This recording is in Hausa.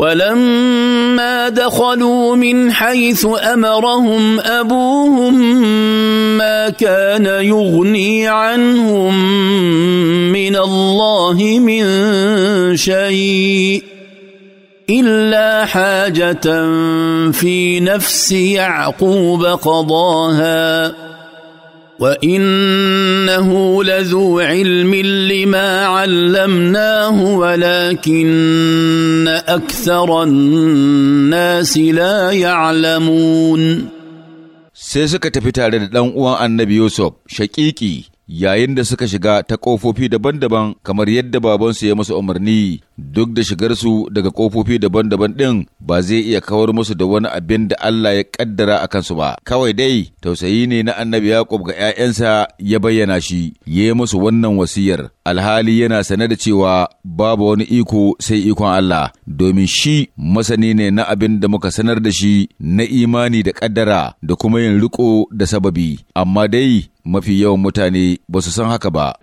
ولما دخلوا من حيث امرهم ابوهم ما كان يغني عنهم من الله من شيء الا حاجه في نفس يعقوب قضاها وانه لذو علم لما علمناه ولكن اكثر الناس لا يعلمون sai suka tafi tare da ɗan uwan annabi yusuf shaƙiƙi yayin da suka shiga ta ƙofofi daban-daban kamar yadda babansu ya masu umarni duk da shigarsu daga ƙofofi daban-daban ɗin ba zai iya kawar musu da wani abin da Allah ya ƙaddara a kansu ba. Kawai dai tausayi ne na annabi Yaƙub ga ‘ya'yansa ya bayyana shi, ya musu wannan wasiyar. Alhali yana sane da cewa babu wani iko sai ikon Allah, domin shi masani ne na abin da muka sanar da shi na imani da ƙaddara da kuma yin riƙo da sababi. Amma dai mafi yawan mutane ba su san haka ba.